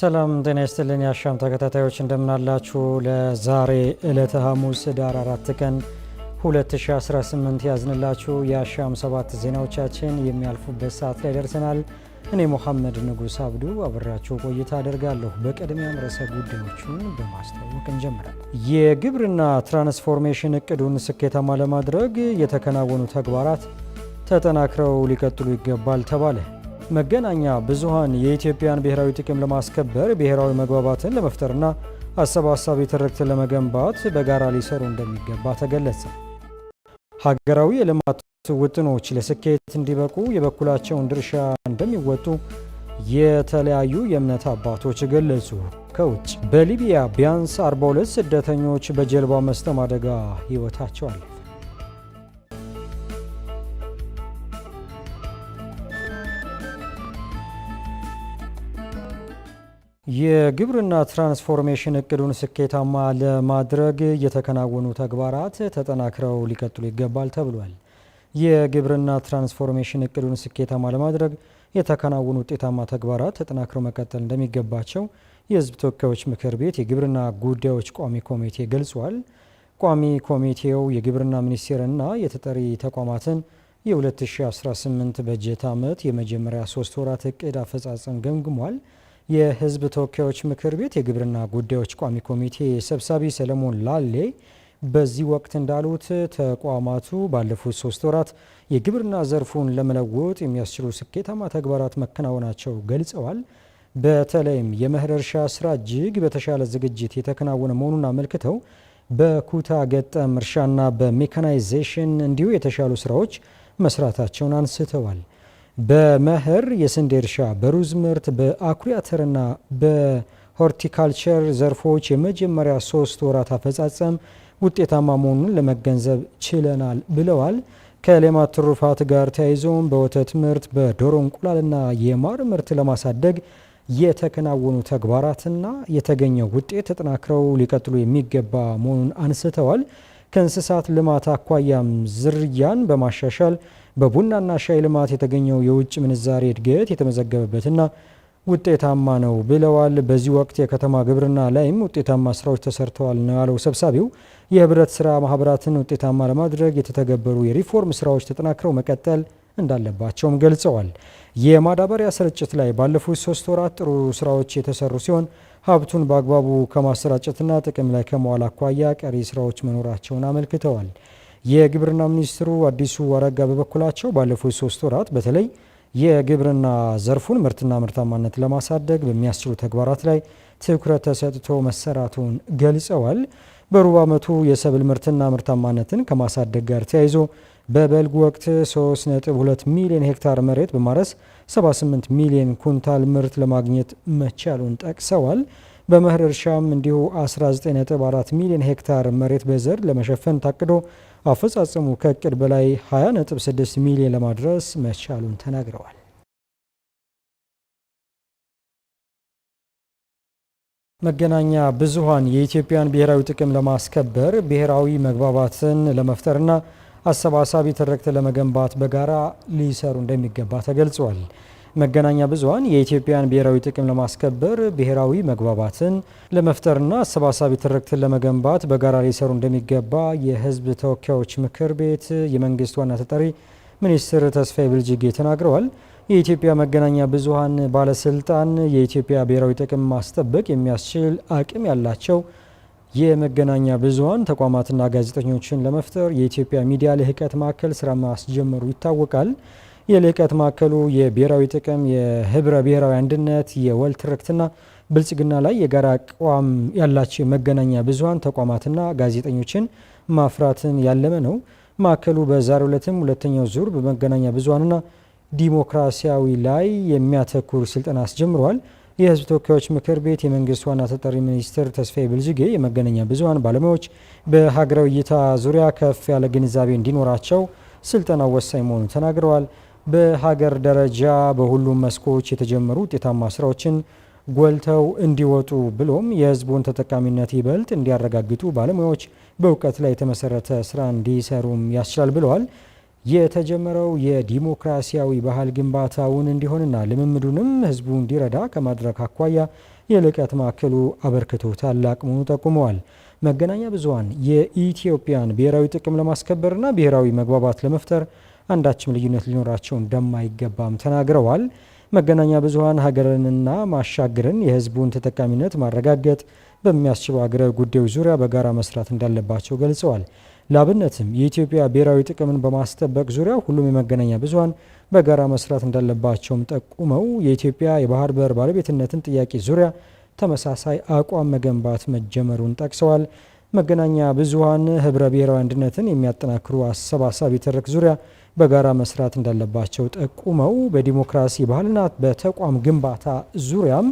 ሰላም ጤና ይስጥልን የአሻም ተከታታዮች እንደምናላችሁ። ለዛሬ ዕለተ ሐሙስ ዳር 4 ቀን 2018 ያዝንላችሁ የአሻም ሰባት ዜናዎቻችን የሚያልፉበት ሰዓት ላይ ደርሰናል። እኔ ሞሐመድ ንጉስ አብዱ አብራችሁ ቆይታ አደርጋለሁ። በቅድሚያም ርዕሰ ጉዳዮቹን በማስተዋወቅ እንጀምራለን። የግብርና ትራንስፎርሜሽን እቅዱን ስኬታማ ለማድረግ የተከናወኑ ተግባራት ተጠናክረው ሊቀጥሉ ይገባል ተባለ። መገናኛ ብዙሃን የኢትዮጵያን ብሔራዊ ጥቅም ለማስከበር ብሔራዊ መግባባትን ለመፍጠርና አሰባሳቢ ትርክትን ለመገንባት በጋራ ሊሰሩ እንደሚገባ ተገለጸ። ሀገራዊ የልማት ውጥኖች ለስኬት እንዲበቁ የበኩላቸውን ድርሻ እንደሚወጡ የተለያዩ የእምነት አባቶች ገለጹ። ከውጭ በሊቢያ ቢያንስ 42 ስደተኞች በጀልባ መስጠም አደጋ ሕይወታቸው አለ። የግብርና ትራንስፎርሜሽን እቅዱን ስኬታማ ለማድረግ የተከናወኑ ተግባራት ተጠናክረው ሊቀጥሉ ይገባል ተብሏል። የግብርና ትራንስፎርሜሽን እቅዱን ስኬታማ ለማድረግ የተከናወኑ ውጤታማ ተግባራት ተጠናክረው መቀጠል እንደሚገባቸው የሕዝብ ተወካዮች ምክር ቤት የግብርና ጉዳዮች ቋሚ ኮሚቴ ገልጿል። ቋሚ ኮሚቴው የግብርና ሚኒስቴርና የተጠሪ ተቋማትን የ2018 በጀት ዓመት የመጀመሪያ ሶስት ወራት እቅድ አፈጻጸም ገምግሟል። የህዝብ ተወካዮች ምክር ቤት የግብርና ጉዳዮች ቋሚ ኮሚቴ ሰብሳቢ ሰለሞን ላሌ በዚህ ወቅት እንዳሉት ተቋማቱ ባለፉት ሶስት ወራት የግብርና ዘርፉን ለመለወጥ የሚያስችሉ ስኬታማ ተግባራት መከናወናቸው ገልጸዋል። በተለይም የመኸር እርሻ ስራ እጅግ በተሻለ ዝግጅት የተከናወነ መሆኑን አመልክተው በኩታ ገጠም እርሻና በሜካናይዜሽን እንዲሁ የተሻሉ ስራዎች መስራታቸውን አንስተዋል። በመኸር የስንዴ እርሻ፣ በሩዝ ምርት፣ በአኩሪ አተርና በሆርቲካልቸር ዘርፎች የመጀመሪያ ሶስት ወራት አፈጻጸም ውጤታማ መሆኑን ለመገንዘብ ችለናል ብለዋል። ከሌማት ትሩፋት ጋር ተያይዞም በወተት ምርት፣ በዶሮ እንቁላልና የማር ምርት ለማሳደግ የተከናወኑ ተግባራትና የተገኘው ውጤት ተጠናክረው ሊቀጥሉ የሚገባ መሆኑን አንስተዋል። ከእንስሳት ልማት አኳያም ዝርያን በማሻሻል በቡናና ሻይ ልማት የተገኘው የውጭ ምንዛሬ እድገት የተመዘገበበትና ውጤታማ ነው ብለዋል። በዚህ ወቅት የከተማ ግብርና ላይም ውጤታማ ስራዎች ተሰርተዋል ነው ያለው ሰብሳቢው። የህብረት ስራ ማህበራትን ውጤታማ ለማድረግ የተተገበሩ የሪፎርም ስራዎች ተጠናክረው መቀጠል እንዳለባቸውም ገልጸዋል። የማዳበሪያ ስርጭት ላይ ባለፉት ሶስት ወራት ጥሩ ስራዎች የተሰሩ ሲሆን ሀብቱን በአግባቡ ከማሰራጨትና ጥቅም ላይ ከመዋል አኳያ ቀሪ ስራዎች መኖራቸውን አመልክተዋል። የግብርና ሚኒስትሩ አዲሱ አረጋ በበኩላቸው ባለፉት ሶስት ወራት በተለይ የግብርና ዘርፉን ምርትና ምርታማነት ለማሳደግ በሚያስችሉ ተግባራት ላይ ትኩረት ተሰጥቶ መሰራቱን ገልጸዋል። በሩብ ዓመቱ የሰብል ምርትና ምርታማነትን ከማሳደግ ጋር ተያይዞ በበልግ ወቅት 3.2 ሚሊዮን ሄክታር መሬት በማረስ 78 ሚሊዮን ኩንታል ምርት ለማግኘት መቻሉን ጠቅሰዋል። በመኸር እርሻም እንዲሁ 19.4 ሚሊዮን ሄክታር መሬት በዘር ለመሸፈን ታቅዶ አፈጻጸሙ ከእቅድ በላይ 20.6 ሚሊዮን ለማድረስ መቻሉን ተናግረዋል። መገናኛ ብዙኃን የኢትዮጵያን ብሔራዊ ጥቅም ለማስከበር ብሔራዊ መግባባትን ለመፍጠርና አሰባሳቢ ትርክት ለመገንባት በጋራ ሊሰሩ እንደሚገባ ተገልጿል። መገናኛ ብዙሃን የኢትዮጵያን ብሔራዊ ጥቅም ለማስከበር ብሔራዊ መግባባትን ለመፍጠርና አሰባሳቢ ትርክትን ለመገንባት በጋራ ሊሰሩ እንደሚገባ የሕዝብ ተወካዮች ምክር ቤት የመንግስት ዋና ተጠሪ ሚኒስትር ተስፋዬ ብልጅጌ ተናግረዋል። የኢትዮጵያ መገናኛ ብዙሃን ባለስልጣን የኢትዮጵያ ብሔራዊ ጥቅም ማስጠበቅ የሚያስችል አቅም ያላቸው የመገናኛ ብዙሃን ተቋማትና ጋዜጠኞችን ለመፍጠር የኢትዮጵያ ሚዲያ ልህቀት ማዕከል ስራ ማስጀመሩ ይታወቃል። የልህቀት ማዕከሉ የብሔራዊ ጥቅም፣ የህብረ ብሔራዊ አንድነት፣ የወል ትርክትና ብልጽግና ላይ የጋራ አቋም ያላቸው የመገናኛ ብዙሀን ተቋማትና ጋዜጠኞችን ማፍራትን ያለመ ነው። ማዕከሉ በዛሬው ዕለትም ሁለተኛው ዙር በመገናኛ ብዙሀንና ዲሞክራሲያዊ ላይ የሚያተኩር ስልጠና አስጀምረዋል። የህዝብ ተወካዮች ምክር ቤት የመንግስት ዋና ተጠሪ ሚኒስትር ተስፋዬ ብልዝጌ የመገናኛ ብዙሀን ባለሙያዎች በሀገራዊ እይታ ዙሪያ ከፍ ያለ ግንዛቤ እንዲኖራቸው ስልጠናው ወሳኝ መሆኑን ተናግረዋል። በሀገር ደረጃ በሁሉም መስኮች የተጀመሩ ውጤታማ ስራዎችን ጎልተው እንዲወጡ ብሎም የህዝቡን ተጠቃሚነት ይበልጥ እንዲያረጋግጡ ባለሙያዎች በእውቀት ላይ የተመሰረተ ስራ እንዲሰሩም ያስችላል ብለዋል። የተጀመረው የዲሞክራሲያዊ ባህል ግንባታውን እንዲሆንና ልምምዱንም ህዝቡ እንዲረዳ ከማድረግ አኳያ የልቀት ማዕከሉ አበርክቶ ታላቅ መሆኑ ጠቁመዋል። መገናኛ ብዙሃን የኢትዮጵያን ብሔራዊ ጥቅም ለማስከበርና ብሔራዊ መግባባት ለመፍጠር አንዳችም ልዩነት ሊኖራቸው እንደማይገባም ተናግረዋል። መገናኛ ብዙሃን ሀገርንና ማሻገርን የህዝቡን ተጠቃሚነት ማረጋገጥ በሚያስችሉ አገረ ጉዳዮች ዙሪያ በጋራ መስራት እንዳለባቸው ገልጸዋል። ለአብነትም የኢትዮጵያ ብሔራዊ ጥቅምን በማስጠበቅ ዙሪያ ሁሉም የመገናኛ ብዙኃን በጋራ መስራት እንዳለባቸውም ጠቁመው የኢትዮጵያ የባህር በር ባለቤትነትን ጥያቄ ዙሪያ ተመሳሳይ አቋም መገንባት መጀመሩን ጠቅሰዋል። መገናኛ ብዙሃን ህብረ ብሔራዊ አንድነትን የሚያጠናክሩ አሰባሳቢ ትርክ ዙሪያ በጋራ መስራት እንዳለባቸው ጠቁመው በዲሞክራሲ ባህልና በተቋም ግንባታ ዙሪያም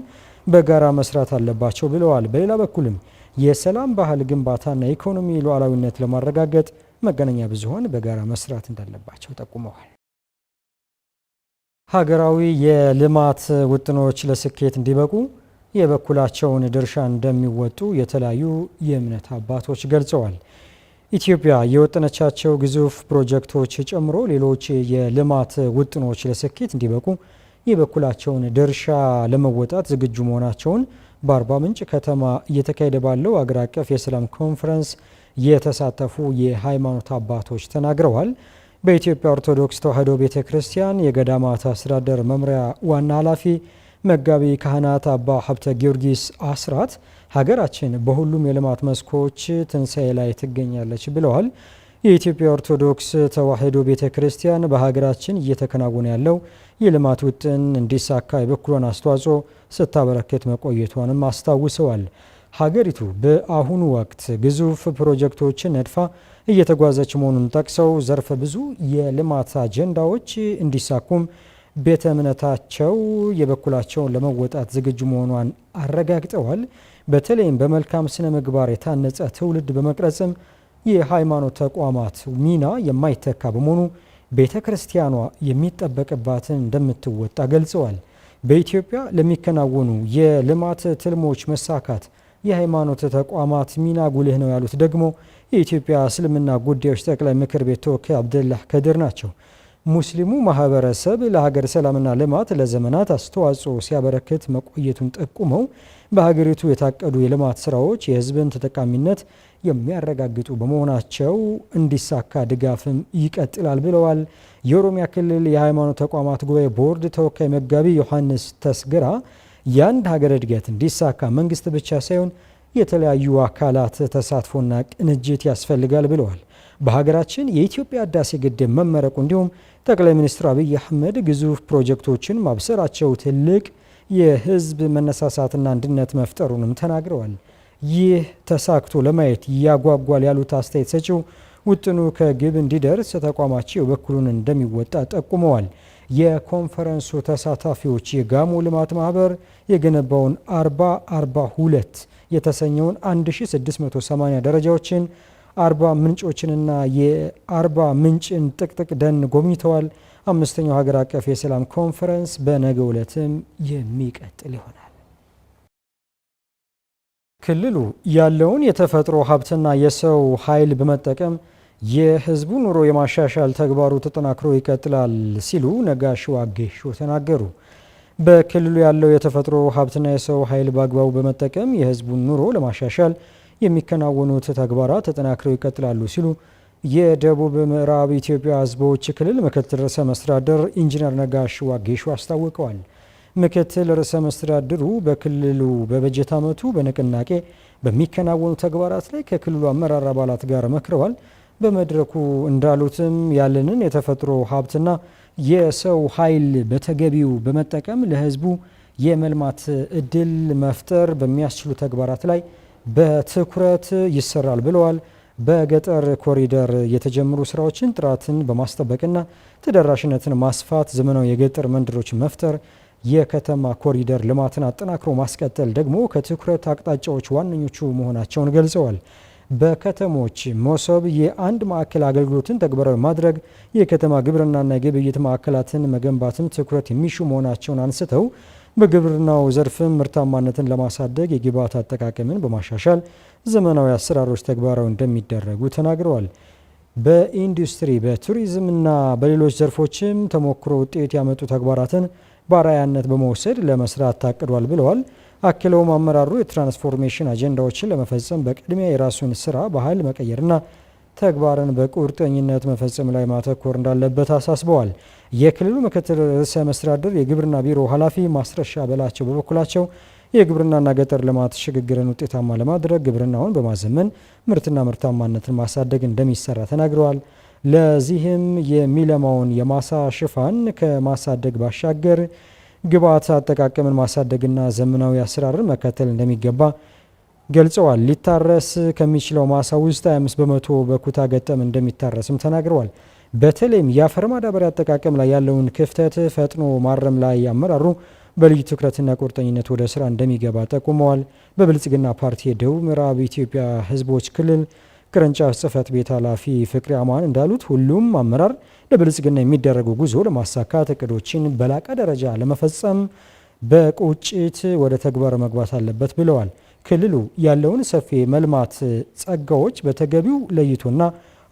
በጋራ መስራት አለባቸው ብለዋል። በሌላ በኩልም የሰላም ባህል ግንባታና የኢኮኖሚ ሉዓላዊነት ለማረጋገጥ መገናኛ ብዙሆን በጋራ መስራት እንዳለባቸው ጠቁመዋል። ሀገራዊ የልማት ውጥኖች ለስኬት እንዲበቁ የበኩላቸውን ድርሻ እንደሚወጡ የተለያዩ የእምነት አባቶች ገልጸዋል። ኢትዮጵያ የወጠነቻቸው ግዙፍ ፕሮጀክቶች ጨምሮ ሌሎች የልማት ውጥኖች ለስኬት እንዲበቁ የበኩላቸውን ድርሻ ለመወጣት ዝግጁ መሆናቸውን በአርባ ምንጭ ከተማ እየተካሄደ ባለው አገር አቀፍ የሰላም ኮንፈረንስ የተሳተፉ የሃይማኖት አባቶች ተናግረዋል። በኢትዮጵያ ኦርቶዶክስ ተዋሕዶ ቤተ ክርስቲያን የገዳማት አስተዳደር መምሪያ ዋና ኃላፊ መጋቢ ካህናት አባ ሀብተ ጊዮርጊስ አስራት ሀገራችን በሁሉም የልማት መስኮች ትንሣኤ ላይ ትገኛለች ብለዋል። የኢትዮጵያ ኦርቶዶክስ ተዋሕዶ ቤተ ክርስቲያን በሀገራችን እየተከናወነ ያለው የልማት ውጥን እንዲሳካ የበኩሏን አስተዋጽኦ ስታበረክት መቆየቷንም አስታውሰዋል። ሀገሪቱ በአሁኑ ወቅት ግዙፍ ፕሮጀክቶችን ነድፋ እየተጓዘች መሆኑን ጠቅሰው ዘርፈ ብዙ የልማት አጀንዳዎች እንዲሳኩም ቤተ እምነታቸው የበኩላቸውን ለመወጣት ዝግጁ መሆኗን አረጋግጠዋል። በተለይም በመልካም ስነ ምግባር የታነጸ ትውልድ በመቅረጽም የሃይማኖት ተቋማት ሚና የማይተካ በመሆኑ ቤተ ክርስቲያኗ የሚጠበቅባትን እንደምትወጣ ገልጸዋል። በኢትዮጵያ ለሚከናወኑ የልማት ትልሞች መሳካት የሃይማኖት ተቋማት ሚና ጉልህ ነው ያሉት ደግሞ የኢትዮጵያ እስልምና ጉዳዮች ጠቅላይ ምክር ቤት ተወካይ አብደላህ ከድር ናቸው። ሙስሊሙ ማህበረሰብ ለሀገር ሰላምና ልማት ለዘመናት አስተዋጽኦ ሲያበረክት መቆየቱን ጠቁመው በሀገሪቱ የታቀዱ የልማት ስራዎች የህዝብን ተጠቃሚነት የሚያረጋግጡ በመሆናቸው እንዲሳካ ድጋፍም ይቀጥላል ብለዋል። የኦሮሚያ ክልል የሃይማኖት ተቋማት ጉባኤ ቦርድ ተወካይ መጋቢ ዮሐንስ ተስግራ የአንድ ሀገር እድገት እንዲሳካ መንግስት ብቻ ሳይሆን የተለያዩ አካላት ተሳትፎና ቅንጅት ያስፈልጋል ብለዋል። በሀገራችን የኢትዮጵያ ህዳሴ ግድብ መመረቁ እንዲሁም ጠቅላይ ሚኒስትር አብይ አህመድ ግዙፍ ፕሮጀክቶችን ማብሰራቸው ትልቅ የህዝብ መነሳሳትና አንድነት መፍጠሩንም ተናግረዋል። ይህ ተሳክቶ ለማየት ያጓጓል ያሉት አስተያየት ሰጪው ውጥኑ ከግብ እንዲደርስ ተቋማቸው የበኩሉን እንደሚወጣ ጠቁመዋል። የኮንፈረንሱ ተሳታፊዎች የጋሞ ልማት ማህበር የገነባውን 442 የተሰኘውን 1680 ደረጃዎችን አርባ ምንጮችንና የአርባ ምንጭን ጥቅጥቅ ደን ጎብኝተዋል። አምስተኛው ሀገር አቀፍ የሰላም ኮንፈረንስ በነገ ዕለትም የሚቀጥል ይሆናል። ክልሉ ያለውን የተፈጥሮ ሀብትና የሰው ኃይል በመጠቀም የሕዝቡ ኑሮ የማሻሻል ተግባሩ ተጠናክሮ ይቀጥላል ሲሉ ነጋሽ ዋጌሾ ተናገሩ። በክልሉ ያለው የተፈጥሮ ሀብትና የሰው ኃይል በአግባቡ በመጠቀም የሕዝቡን ኑሮ ለማሻሻል የሚከናወኑት ተግባራት ተጠናክረው ይቀጥላሉ ሲሉ የደቡብ ምዕራብ ኢትዮጵያ ህዝቦች ክልል ምክትል ርዕሰ መስተዳድር ኢንጂነር ነጋሽ ዋጌሾ አስታውቀዋል። ምክትል ርዕሰ መስተዳድሩ በክልሉ በበጀት ዓመቱ በንቅናቄ በሚከናወኑ ተግባራት ላይ ከክልሉ አመራር አባላት ጋር መክረዋል። በመድረኩ እንዳሉትም ያለንን የተፈጥሮ ሀብትና የሰው ኃይል በተገቢው በመጠቀም ለህዝቡ የመልማት እድል መፍጠር በሚያስችሉ ተግባራት ላይ በትኩረት ይሰራል ብለዋል። በገጠር ኮሪደር የተጀመሩ ስራዎችን ጥራትን በማስጠበቅና ተደራሽነትን ማስፋት፣ ዘመናዊ የገጠር መንደሮችን መፍጠር፣ የከተማ ኮሪደር ልማትን አጠናክሮ ማስቀጠል ደግሞ ከትኩረት አቅጣጫዎች ዋነኞቹ መሆናቸውን ገልጸዋል። በከተሞች መሶብ የአንድ ማዕከል አገልግሎትን ተግባራዊ ማድረግ፣ የከተማ ግብርናና የግብይት ማዕከላትን መገንባትም ትኩረት የሚሹ መሆናቸውን አንስተው በግብርናው ዘርፍም ምርታማነትን ለማሳደግ የግብዓት አጠቃቀምን በማሻሻል ዘመናዊ አሰራሮች ተግባራዊ እንደሚደረጉ ተናግረዋል። በኢንዱስትሪ በቱሪዝምና በሌሎች ዘርፎችም ተሞክሮ ውጤት ያመጡ ተግባራትን በአርአያነት በመውሰድ ለመስራት ታቅዷል ብለዋል። አክለውም አመራሩ የትራንስፎርሜሽን አጀንዳዎችን ለመፈጸም በቅድሚያ የራሱን ስራ ባህል መቀየርና ተግባርን በቁርጠኝነት መፈጸም ላይ ማተኮር እንዳለበት አሳስበዋል። የክልሉ ምክትል ርዕሰ መስተዳድር የግብርና ቢሮ ኃላፊ ማስረሻ በላቸው በበኩላቸው የግብርናና ገጠር ልማት ሽግግርን ውጤታማ ለማድረግ ግብርናውን በማዘመን ምርትና ምርታማነትን ማሳደግ እንደሚሰራ ተናግረዋል። ለዚህም የሚለማውን የማሳ ሽፋን ከማሳደግ ባሻገር ግብዓት አጠቃቀምን ማሳደግና ዘመናዊ አሰራርን መከተል እንደሚገባ ገልጸዋል። ሊታረስ ከሚችለው ማሳ ውስጥ 25 በመቶ በኩታ ገጠም እንደሚታረስም ተናግረዋል። በተለይም የአፈር ማዳበሪያ አጠቃቀም ላይ ያለውን ክፍተት ፈጥኖ ማረም ላይ አመራሩ በልዩ ትኩረትና ቁርጠኝነት ወደ ስራ እንደሚገባ ጠቁመዋል። በብልጽግና ፓርቲ የደቡብ ምዕራብ ኢትዮጵያ ህዝቦች ክልል ቅርንጫፍ ጽህፈት ቤት ኃላፊ ፍቅሪ አማን እንዳሉት ሁሉም አመራር ለብልጽግና የሚደረጉ ጉዞ ለማሳካት እቅዶችን በላቀ ደረጃ ለመፈጸም በቁጭት ወደ ተግባር መግባት አለበት ብለዋል። ክልሉ ያለውን ሰፊ መልማት ጸጋዎች በተገቢው ለይቶና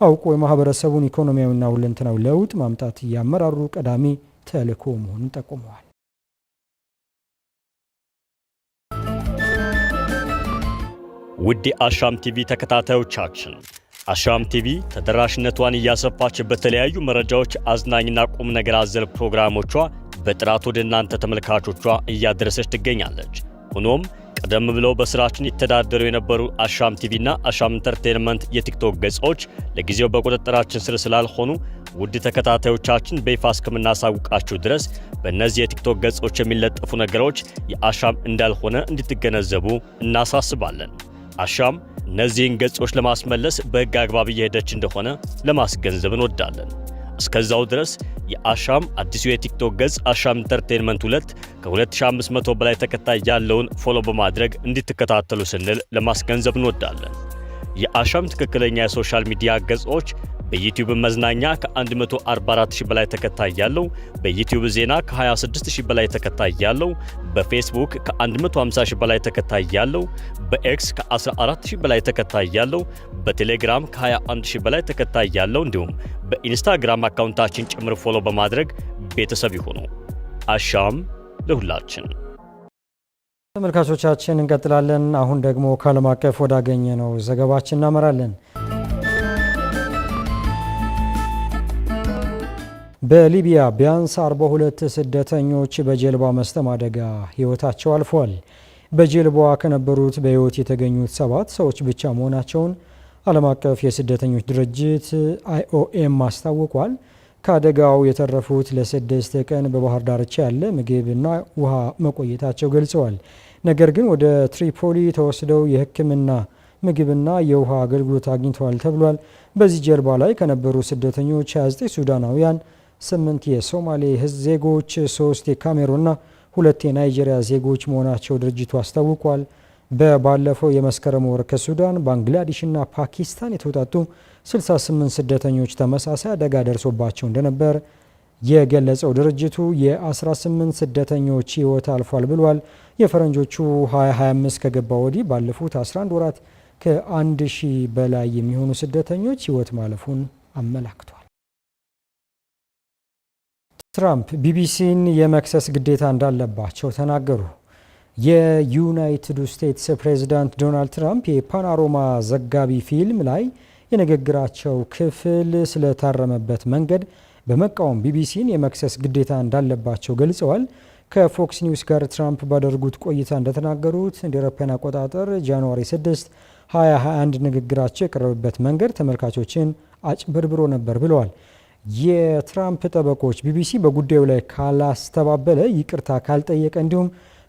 አውቆ የማህበረሰቡን ኢኮኖሚያዊና ሁለንተናዊ ለውጥ ማምጣት እያመራሩ ቀዳሚ ተልኮ መሆኑን ጠቁመዋል። ውድ አሻም ቲቪ ተከታታዮቻችን አሻም ቲቪ ተደራሽነቷን እያሰፋች በተለያዩ መረጃዎች አዝናኝና ቁም ነገር አዘል ፕሮግራሞቿ በጥራት ወደ እናንተ ተመልካቾቿ እያደረሰች ትገኛለች። ሆኖም ቀደም ብለው በስራችን ይተዳደሩ የነበሩ አሻም ቲቪና አሻም ኢንተርቴንመንት የቲክቶክ ገጾች ለጊዜው በቁጥጥራችን ስር ስላልሆኑ ውድ ተከታታዮቻችን በይፋ እስከምናሳውቃችሁ ድረስ በእነዚህ የቲክቶክ ገጾች የሚለጠፉ ነገሮች የአሻም እንዳልሆነ እንድትገነዘቡ እናሳስባለን። አሻም እነዚህን ገጾች ለማስመለስ በሕግ አግባብ እየሄደች እንደሆነ ለማስገንዘብ እንወዳለን። እስከዛው ድረስ የአሻም አዲሱ የቲክቶክ ገጽ አሻም ኢንተርቴንመንት 2 ከ2500 በላይ ተከታይ ያለውን ፎሎ በማድረግ እንድትከታተሉ ስንል ለማስገንዘብ እንወዳለን። የአሻም ትክክለኛ የሶሻል ሚዲያ ገጾች በዩቲዩብ መዝናኛ ከ144000 በላይ ተከታይ ያለው፣ በዩቲዩብ ዜና ከ26000 በላይ ተከታይ ያለው፣ በፌስቡክ ከ150000 በላይ ተከታይ ያለው፣ በኤክስ ከ14000 በላይ ተከታይ ያለው፣ በቴሌግራም ከ21000 በላይ ተከታይ ያለው እንዲሁም በኢንስታግራም አካውንታችን ጭምር ፎሎ በማድረግ ቤተሰብ ይሁኑ። አሻም ለሁላችን። ተመልካቾቻችን እንቀጥላለን። አሁን ደግሞ ከዓለም አቀፍ ወዳገኘ ነው ዘገባችን እናመራለን። በሊቢያ ቢያንስ 42 ስደተኞች በጀልባ መስጠም አደጋ ሕይወታቸው አልፏል። በጀልባዋ ከነበሩት በህይወት የተገኙት ሰባት ሰዎች ብቻ መሆናቸውን ዓለም አቀፍ የስደተኞች ድርጅት አይኦኤም አስታውቋል። ከአደጋው የተረፉት ለስድስት ቀን በባህር ዳርቻ ያለ ምግብና ውሃ መቆየታቸው ገልጸዋል። ነገር ግን ወደ ትሪፖሊ ተወስደው የህክምና ምግብና የውሃ አገልግሎት አግኝተዋል ተብሏል። በዚህ ጀልባ ላይ ከነበሩ ስደተኞች 29 ሱዳናውያን ስምንት የሶማሌ ህዝብ ዜጎች፣ ሶስት የካሜሩንና ሁለት የናይጄሪያ ዜጎች መሆናቸው ድርጅቱ አስታውቋል። በባለፈው የመስከረም ወር ከሱዳን፣ ባንግላዴሽና ፓኪስታን የተውጣጡ 68 ስደተኞች ተመሳሳይ አደጋ ደርሶባቸው እንደነበር የገለጸው ድርጅቱ የ18 ስደተኞች ህይወት አልፏል ብሏል። የፈረንጆቹ 2025 ከገባ ወዲህ ባለፉት 11 ወራት ከ1000 በላይ የሚሆኑ ስደተኞች ህይወት ማለፉን አመላክቷል። ትራምፕ ቢቢሲን የመክሰስ ግዴታ እንዳለባቸው ተናገሩ። የዩናይትድ ስቴትስ ፕሬዚዳንት ዶናልድ ትራምፕ የፓናሮማ ዘጋቢ ፊልም ላይ የንግግራቸው ክፍል ስለታረመበት መንገድ በመቃወም ቢቢሲን የመክሰስ ግዴታ እንዳለባቸው ገልጸዋል። ከፎክስ ኒውስ ጋር ትራምፕ ባደረጉት ቆይታ እንደተናገሩት እንደ አውሮፓውያን አቆጣጠር ጃንዋሪ 6 2021 ንግግራቸው የቀረበበት መንገድ ተመልካቾችን አጭበርብሮ ነበር ብለዋል። የትራምፕ ጠበቆች ቢቢሲ በጉዳዩ ላይ ካላስተባበለ፣ ይቅርታ ካልጠየቀ፣ እንዲሁም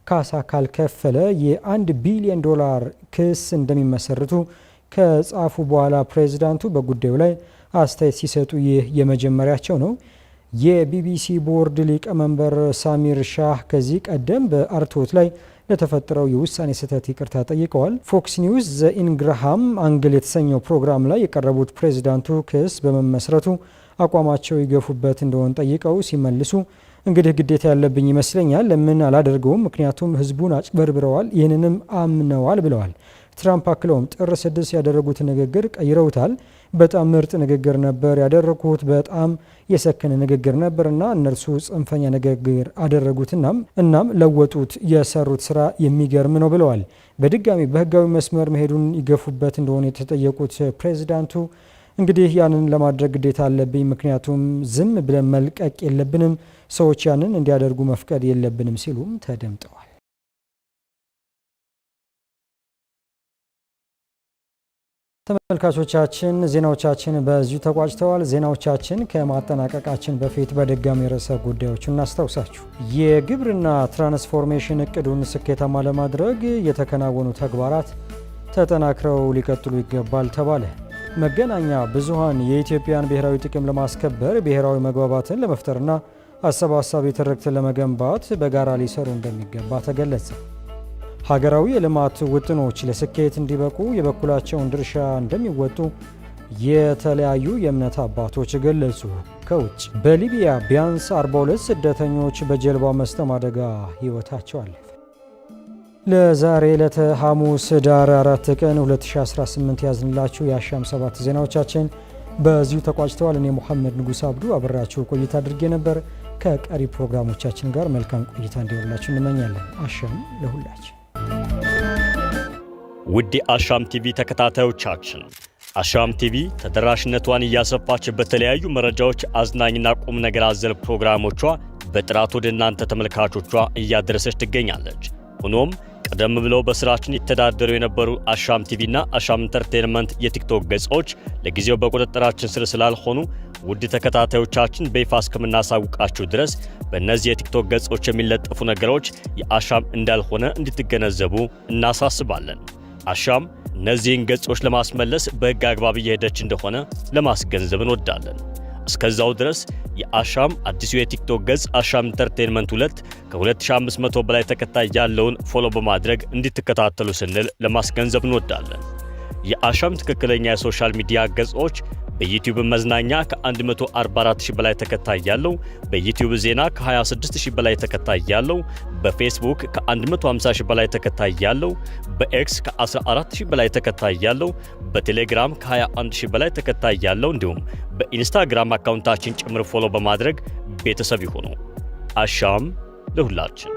ካሳ ካልከፈለ የአንድ ቢሊዮን ዶላር ክስ እንደሚመሰርቱ ከጻፉ በኋላ ፕሬዚዳንቱ በጉዳዩ ላይ አስተያየት ሲሰጡ ይህ የመጀመሪያቸው ነው። የቢቢሲ ቦርድ ሊቀመንበር ሳሚር ሻህ ከዚህ ቀደም በአርትዖት ላይ ለተፈጠረው የውሳኔ ስህተት ይቅርታ ጠይቀዋል። ፎክስ ኒውስ ዘኢንግራሃም አንግል የተሰኘው ፕሮግራም ላይ የቀረቡት ፕሬዚዳንቱ ክስ በመመስረቱ አቋማቸው ይገፉበት እንደሆን ጠይቀው ሲመልሱ እንግዲህ ግዴታ ያለብኝ ይመስለኛል። ለምን አላደርገውም? ምክንያቱም ህዝቡን አጭበርብረዋል፣ ይህንንም አምነዋል ብለዋል። ትራምፕ አክለውም ጥር ስድስት ያደረጉት ንግግር ቀይረውታል። በጣም ምርጥ ንግግር ነበር ያደረጉት፣ በጣም የሰከነ ንግግር ነበር እና እነርሱ ጽንፈኛ ንግግር አደረጉትናም እናም እናም ለወጡት። የሰሩት ስራ የሚገርም ነው ብለዋል። በድጋሚ በህጋዊ መስመር መሄዱን ይገፉበት እንደሆነ የተጠየቁት ፕሬዚዳንቱ እንግዲህ ያንን ለማድረግ ግዴታ አለብኝ። ምክንያቱም ዝም ብለን መልቀቅ የለብንም፣ ሰዎች ያንን እንዲያደርጉ መፍቀድ የለብንም ሲሉም ተደምጠዋል። ተመልካቾቻችን ዜናዎቻችን በዚሁ ተቋጭተዋል። ዜናዎቻችን ከማጠናቀቃችን በፊት በድጋሚ ርዕሰ ጉዳዮች እናስታውሳችሁ። የግብርና ትራንስፎርሜሽን እቅዱን ስኬታማ ለማድረግ የተከናወኑ ተግባራት ተጠናክረው ሊቀጥሉ ይገባል ተባለ። መገናኛ ብዙሃን የኢትዮጵያን ብሔራዊ ጥቅም ለማስከበር ብሔራዊ መግባባትን ለመፍጠርና አሰባሳቢ ትርክትን ለመገንባት በጋራ ሊሰሩ እንደሚገባ ተገለጸ። ሀገራዊ የልማት ውጥኖች ለስኬት እንዲበቁ የበኩላቸውን ድርሻ እንደሚወጡ የተለያዩ የእምነት አባቶች ገለጹ። ከውጭ በሊቢያ ቢያንስ 42 ስደተኞች በጀልባ መስጠም አደጋ ሕይወታቸው አለፈ። ለዛሬ ዕለተ ሐሙስ ዳር 4 ቀን 2018 ያዝንላችሁ የአሻም ሰባት ዜናዎቻችን በዚሁ ተቋጭተዋል። እኔ ሙሐመድ ንጉስ አብዱ አብራችሁ ቆይታ አድርጌ ነበር። ከቀሪ ፕሮግራሞቻችን ጋር መልካም ቆይታ እንዲሆንላችሁ እንመኛለን። አሻም ለሁላችን። ውድ አሻም ቲቪ ተከታታዮቻችን አሻም ቲቪ ተደራሽነቷን እያሰፋች በተለያዩ መረጃዎች አዝናኝና ቁም ነገር አዘል ፕሮግራሞቿ በጥራት ወደ እናንተ ተመልካቾቿ እያደረሰች ትገኛለች። ሆኖም ቀደም ብለው በስራችን ይተዳደሩ የነበሩ አሻም ቲቪና አሻም ኢንተርቴንመንት የቲክቶክ ገጾች ለጊዜው በቁጥጥራችን ስር ስላልሆኑ ውድ ተከታታዮቻችን በይፋ እስከምናሳውቃችሁ ድረስ በእነዚህ የቲክቶክ ገጾች የሚለጠፉ ነገሮች የአሻም እንዳልሆነ እንድትገነዘቡ እናሳስባለን። አሻም እነዚህን ገጾች ለማስመለስ በሕግ አግባብ እየሄደች እንደሆነ ለማስገንዘብ እንወዳለን። እስከዛው ድረስ የአሻም አዲሱ የቲክቶክ ገጽ አሻም ኢንተርቴንመንት 2 ከ2500 በላይ ተከታይ ያለውን ፎሎ በማድረግ እንድትከታተሉ ስንል ለማስገንዘብ እንወዳለን። የአሻም ትክክለኛ የሶሻል ሚዲያ ገጾች በዩቲዩብ መዝናኛ ከ144000 በላይ ተከታይ ያለው፣ በዩቲዩብ ዜና ከ26000 በላይ ተከታይ ያለው፣ በፌስቡክ ከ150000 በላይ ተከታይ ያለው፣ በኤክስ ከ14000 በላይ ተከታይ ያለው፣ በቴሌግራም ከ21000 በላይ ተከታይ ያለው እንዲሁም በኢንስታግራም አካውንታችን ጭምር ፎሎ በማድረግ ቤተሰብ ይሁኑ። አሻም ለሁላችን!